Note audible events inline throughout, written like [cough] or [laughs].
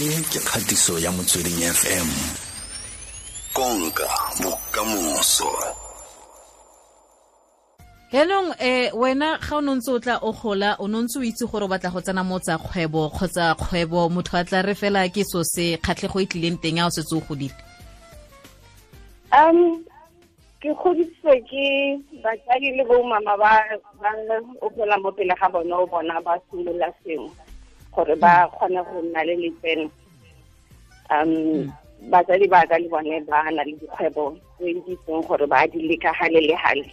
e ke kgatiso ya motsweding fm konka bokamoso helong eh wena ga o nontse o tla o gola o nontse o itse gore o batla go tsena mo tsa kgwebo kgotsa kgwebo motho a tla re fela ke so se kgatlhego e tlileng teng ya o setse o godile um ke godisitswe ke batsadi le boumama ba ba o phela mo pele ga bona o bona ba simolola sengwe gore ba kgone go nna le letseno um batsadi ba ka le bone ba na le dikgwebo tse di itseng gore ba di leka gale le gale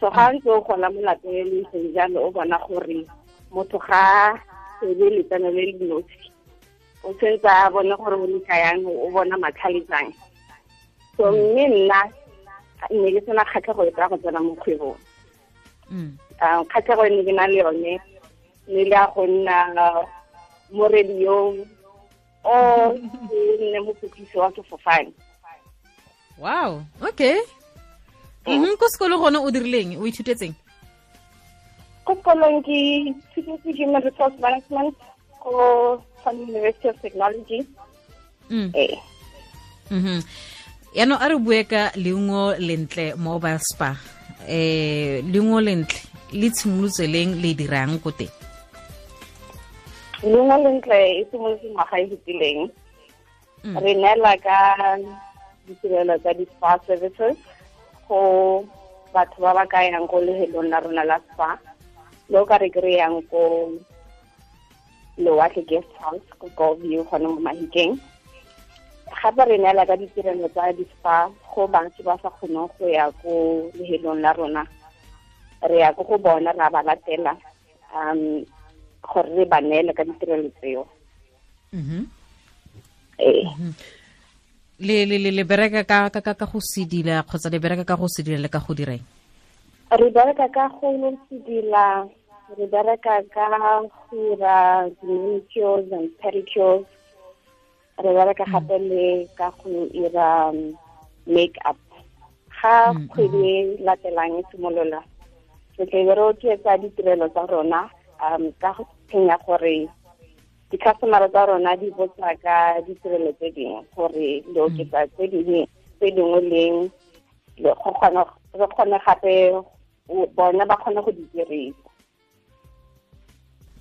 so ga ntse o gona mo lapeng le ntseng jalo o bona gore motho ga sebe letseno le le nosi o tshwanetse a bone gore o leka yang o bona matlhaletsang so mme nna ne ke sena kgatlhego e tsa go tsena mo kgwebong mm. um kgatlhego e ne ke na le yone e ne le a go nna mo radiong o [laughs] nne wa sefofane wow okay mm ko sekolo gone o dirileng o ithutetseng ko sekolong ke thutetse human resource management ko university of technology mm. eh. mm -hmm. yaanong a re bue ka leungo lentle mobile spa eh lengo lentle le tshimolotse leng le dirang ko teng lengwe lentle e simolotse ngwaga e fetileng re neela ka ditirelo eh, mm. tsa di-spa services go batho ba ba ka yang ko lehelong la rona la spa le o ka re kry-yang ko lewatle guest house ko goview gone mo mahikeng gape re neela ka ditirelo tsa di-spa go bantsi ba sa kgoneng go ya ko lehelong la rona re ya ko go bona ra ba latela um gore re ba neele ka ditirelo tseo ee le le le le bereka ka ka ka ka go sedila kgotsa le bereka ka go sedila le ka go direng re bereka ka go sedila re bereka ka go dira manicures and pedicures re bereka gape le ka go ira make up ga kgwedi mm, mm. latelang e simolola re tle be re oketsa ditirelo tsa rona um ka ntlheng ya gore di-customera tsa rona di botsa ka ditirelo tse dingwe gore le di tse dingwe leng re kgone gape bona ba kgone go di dirisa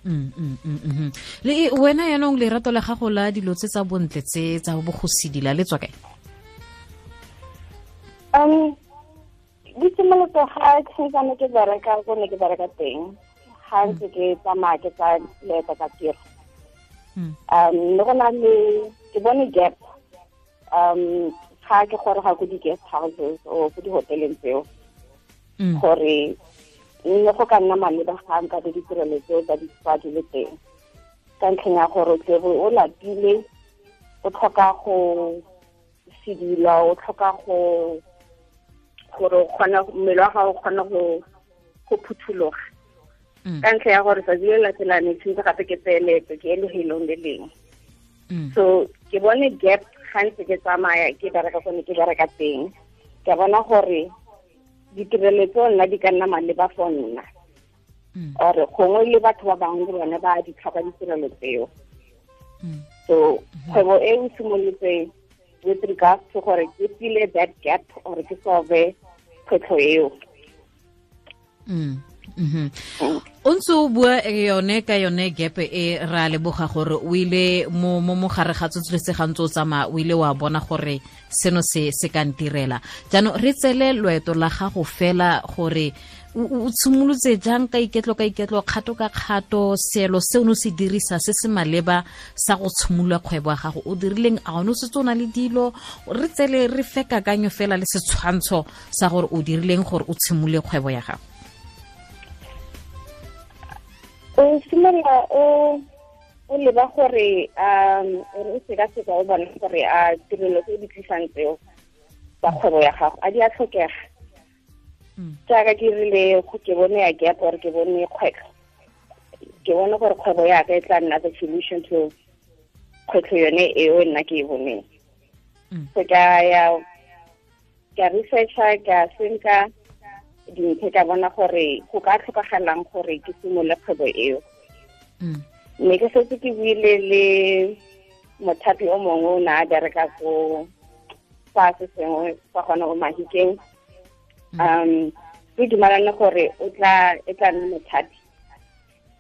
mm, mm, mm, le e, wena yanong lerato la gago la dilo tse tsa bontle tse tsa bogosidila le tswa kae um di simolotsoga tshenkane ke bereka ko ne ke bereka teng gantsi ke tsamaya ke tsa leeta ka tiro um le go na le ke bone gap um ga ke gore ga go di-gest houses o go di-hoteleng tseo gore nne go ka nna maleba ga nka le ditirelo tseo tsa ditswa di le teng ka ntlheng ya gore tlebo o lapile o tlhoka go sedila o tlhoka go gore mmele wa gago kgone go phuthuloga ka ntlha ya gore sa dilo latelane tshwntse gape ke tseeletse ke ele helong le leng so ke bone gap gantse ke tsamaya ke bereka kone ke bereka teng ke bona gore ditirelo tseo nna di ka nna maleba fo nna ore gongwe le batho ba bangwe le bone ba ditlhoka ditirelo tseo so kgwebo e o simolotse with regards to gore ke pile that gap or ke solve kgwetlho eo mm mm-hmm. o ntse o bua e yone ka yone gape e ra leboga gore o ile mo mogare ga tsotsoletsegang tse o tsamaya o ile wa bona gore seno se se ka ntirela jaanong re tsele loeto la gago fela gore o tshimolotse jang ka iketlo ka iketlo kgato ka kgato seelo seno se dirisa se se maleba sa go tshimolola kgwebo ya gago o dirileng a one o setse o na le dilo re tsele re fe kakanyo fela le setshwantsho sa gore o dirileng gore o tshimolole kgwebo ya gago o simolola o o leba gore um o seka o bona gore a tirelo tse di tlisang tseo tsa kgwebo ya gago a di a tlhokega hmm. jaaka ke rile ke bone ya gap or ke bone kgwetlho ke bone gore kgwebo ya ka e tla nna the solution to kgwetlho yone eo nna ke e boneng hmm. so ka ya ka researcha ka senka dintho ka bona gore go ka tlhokagalang gore ke simolole kgwebo eo mm. mme ke setse ke buile le mothapi o mongwe o ne a bereka ko fa se sengwe fa gona o mahikeng mm. um ke dumalane gore o tla e tla nne mothapi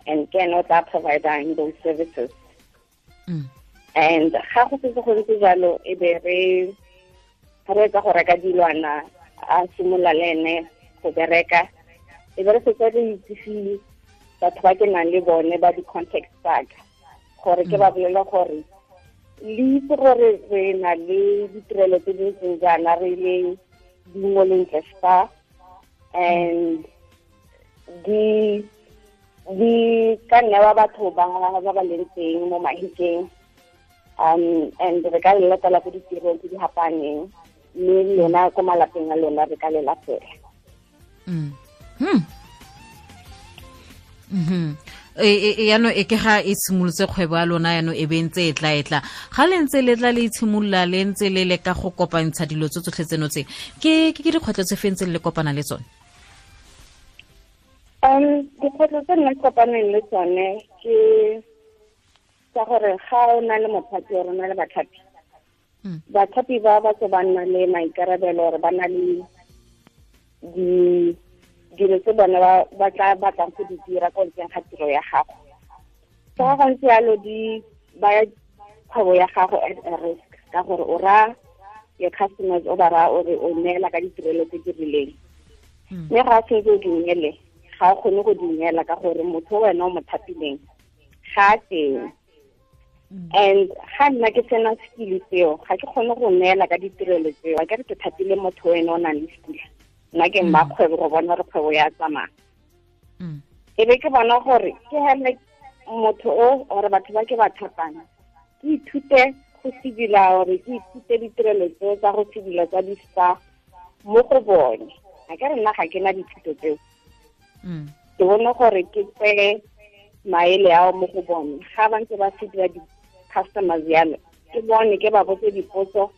and then o tla providang those services mm. and ga go setse go ntse jalo e be re re tsa go reka dilwana a simola le ene go bereka e beresetsa ba ke nang le bone ba di gore ke ba mm. bolela gore le itse gore re na le ditirelo tse di ntseng jaana re le spa and di di ka nna ba batho ba ba leng teng mo mahikeng um and re ka lelatela ko ditirong tse di hapaneng mme lona ko malapeng a lona re ka mm. Mm -hmm. hmm. hmm. Eh, eh, yano e ke ga e tshimolotse kgwebo ya lona yano e bentse e tla e tla ga le ntse le tla le itshimolola le ntse le le ka go kopantsha dilo tse tsotlhe tseno tse ke ke dikgwetlho tse feng tse le kopana le tsone um dikgwetlho tse nna kopaneng le tsone ke tsa gore ga o na le mothapi o na le batlhapi hmm. bathapi ba batso ba nna le maikarabelo gore ba na le di dilo tse bona ba tla batlang go di dira ko ntleng ga tiro ya gago so ga gontse yalo di baya kgwebo ya gago at a risk ka gore o ra your customers o ba raya ore o neela ka ditirelo tse di rileng hmm. mme ga tshwetse o dinyele ga o kgone go dinyela ka gore motho wena o mo thapileng ga a teng hmm. and ga nna ke sena skill tseo ga ke kgone go neela ka ditirelo tseo a ke re ke thapile motho wena o nang le skill nna ke mmakgwebo go bona gore kgwebo ya tsamaya e be ke bona gore ke hele motho o gore batho ba ke ba thapana ke ithute go sedila gore ke ithute ditirelo tseo tsa go sedila tsa di-star mo go bone a ka re nna ga ke na dithuto tseo ke bone gore ke tseye maele ao mo go bone ga ba ntse ba sedila di-customers yalo ke bone ke ba botse dipotso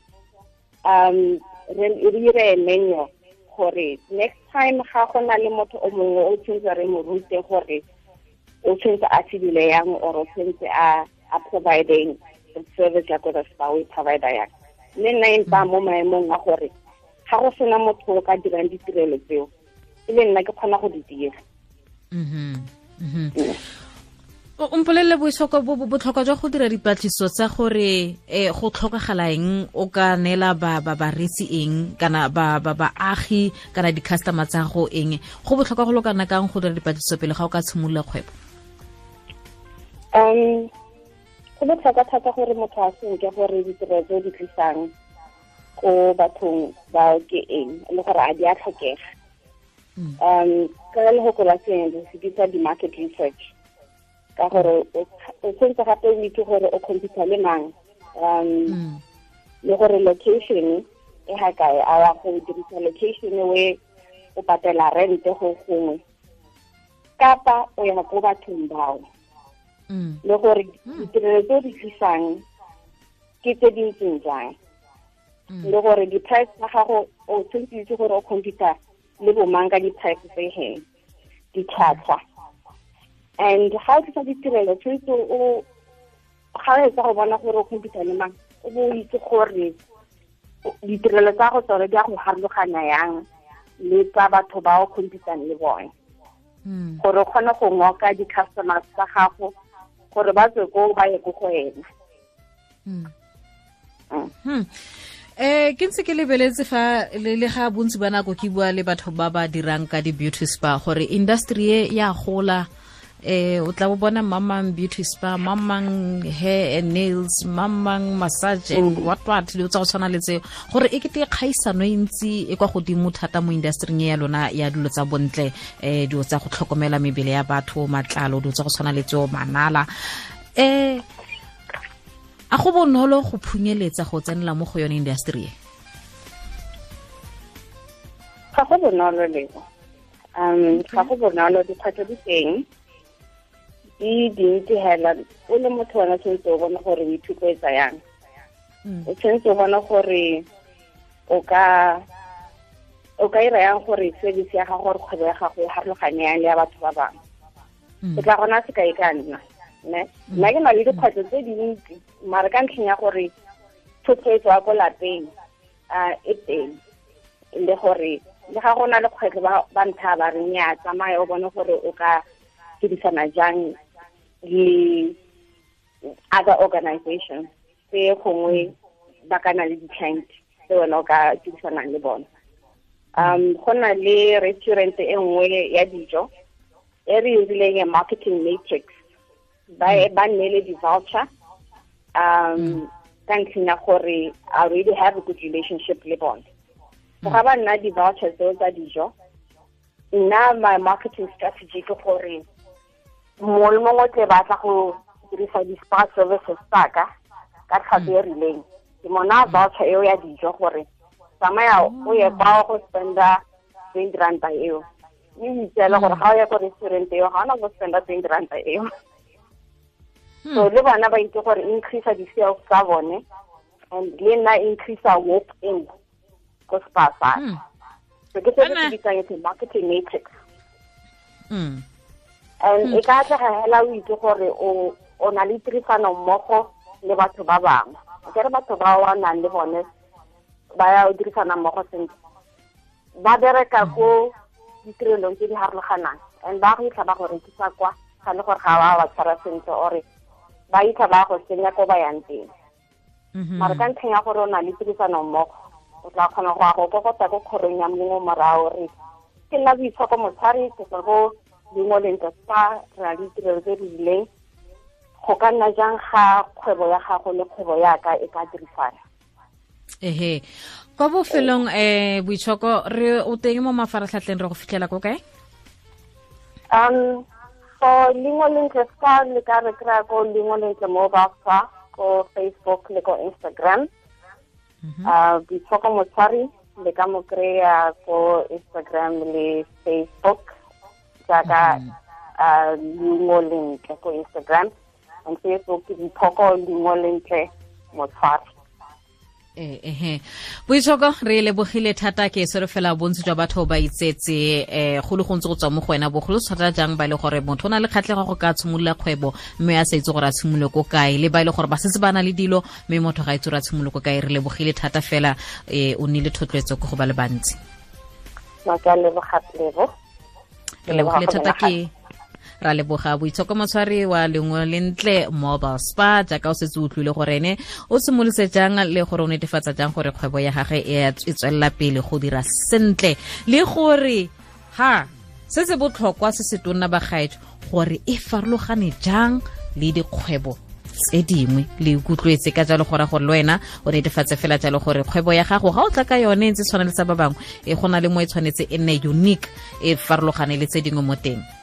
um re 'ire menu gore next time ga go na le motho o mongwe o tshwanetse re mo rute gore o tshwanetse a tshedile yang or o tshwanetse a a provideng service ya gore spa o e provider yang le nna e mpa mo maemong a gore ga go sena motho o ka dirang ditirelo tseo e le nna ke kgona go di dira mm-hmm. Mm-hmm. o mpolelele boisoko bo botlhokwa jwa go dira dipatlisiso tsa gore um go tlhokagala eng o ka neela baretsi eng kana baagi kana di-customer tsa go eng go botlhokwa go lo kana kang go dira dipatlisiso pele ga o ka tshimolola kgwebo um go botlhokwa thata gore motho a senke gore ditiro tse di tlisang ko bathong ba ke eng le gore a di a tlhokega mm. um ka le go kola sengwe se bitsa di-market research ka gore o tshwanetse gape o itse gore o computer le mang um hmm. le gore location e ha kae a wa go dirisa location we o patela rent go gongwe kapa o ya go bathong bao hmm. le gore hmm. ditirelo tse di tlisang ke tse di ntseng jang le gore di-price tsa gago o tshwanetse itse gore o computer le bomang ka di-price tse heng ditlhatlhwa and ga o tlisa ditirelo tshwanetse o ga o etsa go bona gore o compita le mang o bo o itse gore ditirelo tsa go tsone di a go harologana yang le tsa batho ba o compitang le bone hmm. gore o kgone go ngoka di-customers tsa gago gore ba tswe ko ba ye ko go wena hmm. Hmm. eh ke ntse ke lebeletse fa le ga bontsi ba nako ke bua le batho ba ba dirang ka di-beauty spa gore industry e ya gola eh o tla bo bona mamang beauty spa mamang hair and nails mamang massage and mm. what what le tsa go tshwana le tseo gore e kete kgaisano e ntsi e kwa godimo thata mo industryng e ya lona ya dilo tsa bontle eh dilo tsa go tlhokomela mebele ya batho matlalo dilo tsa go tshwana le tseo manala eh a go bonolo go phunyeletsa go tsenela mo go yone industry e ga go bonolo leo um ga go bonolo dikgwetlho di teng di dintsi hela o le motho wena tshwanetse o bona gore o ithutloetsa yang hmm. o tshwanetse o bona gore o ka o ka ira yang gore service ya ga gore kgwebo ya gago e harologane yang le ya batho ba bangwe hmm. o tla gona se ka e ka nna ne hmm. nna ke na le dikgwetlho tse dintsi mare ka ntlheng ya gore thotloetso ya ko lapeng a e teng le gore le ga gona le kgwetlho ba ntlha ba reng ya tsamaya o bone gore o ka dirisana jang le other organizations tse gongwe ba ka na le ditlhanki tse wena o ka tirisanang le bona um go na le restaurant e nngwe ya dijo e re irileng e marketing matrix ba e, ba nnele di-voucher um hmm. ka ntlheng ya gore i already have a good relationship le bona so ga ba nna di-voucher tseo tsa dijo nna my marketing strategy ke gore mongwe le mongwe tle batla go dirisa di-spa services tsaka ka tlhwatlho e mm. rileng ke mona voucher eo ya dijo gore tsamaya mm. o ye kwa go spenda twenty ranta eo mme o itseele gore mm. ga o ya ko restaurant eo ga ona go spenda twenty ranta eo hmm. so le bona ba itse gore increase di-sales tsa bone and le nna walk in ko hmm. so ke se se se bitsang marketing matrix mm. and mm. e ka atlega hela o itse gore o na le tirisano mmogo le batho ba bangwe ke re batho ba o nang le bone ba ya o dirisana mmogo sentle ba bereka mm. ko ditirelong tse di harologanang and ba go itlha ba go rekisa kwa ga le gore ga ba wa tshwara sentle ore ba itlha ba go senya ko ba yang teng mm-hmm. mare ka ntlheng ya gore o na le tirisano mmogo o tla kgona go ya go kokota ko kgorong ya mongwe morago. re ke nna boitshoko motshwari ke go dingweleng tsa tsa raditirelo tse rile go ka jang ya gago le kgwebo yaka e ka dirisana ehe kwa bofelong boitshoko re o teng mo mafaratlhatlheng re go um le facebook le instagram boitshoko ah, motshwari instagram le facebook jaaka mm-hmm. leungo lentle ko instagram on facebook diphoko leungo lentle motshwaro eh, ehe boitshoko re lebogile thata ke fela bontsi jwa batho ba itsetse eh go le gontsi go tswa mo go wena bogolo thata jang ba e le gore motho o na le kgatlhego go ka tshimolola kgwebo mme a sa itse gore a tshimolole ko kae le ba e le gore ba setse ba na le dilo mme motho ga itse gore a tshimolole ko kae re lebogile thata fela um o nnile thotloetso ko go ba le bantsi ma a lebogatlebo re lebogile ke ra leboga boitshokomotshwari wa lengwe le ntle mobile spa jaaka o setse utlwile gore ene o simolose jang le gore o netefatsa jang gore kgwebo ya gage e, e tswelela pele go dira sentle le gore ha se se botlhokwa se se tonna bagaetso gore e farologane jang le dikgwebo tse dingwe le ikutlwetse ka jalo go gore le wena o netefatse fela jalo gore kgwebo ya gago ga o tla ka yone e ntse e tshwana le tsa ba bangwe e go na le mo e tshwanetse e nne unique e farologane le tse dingwe mo teng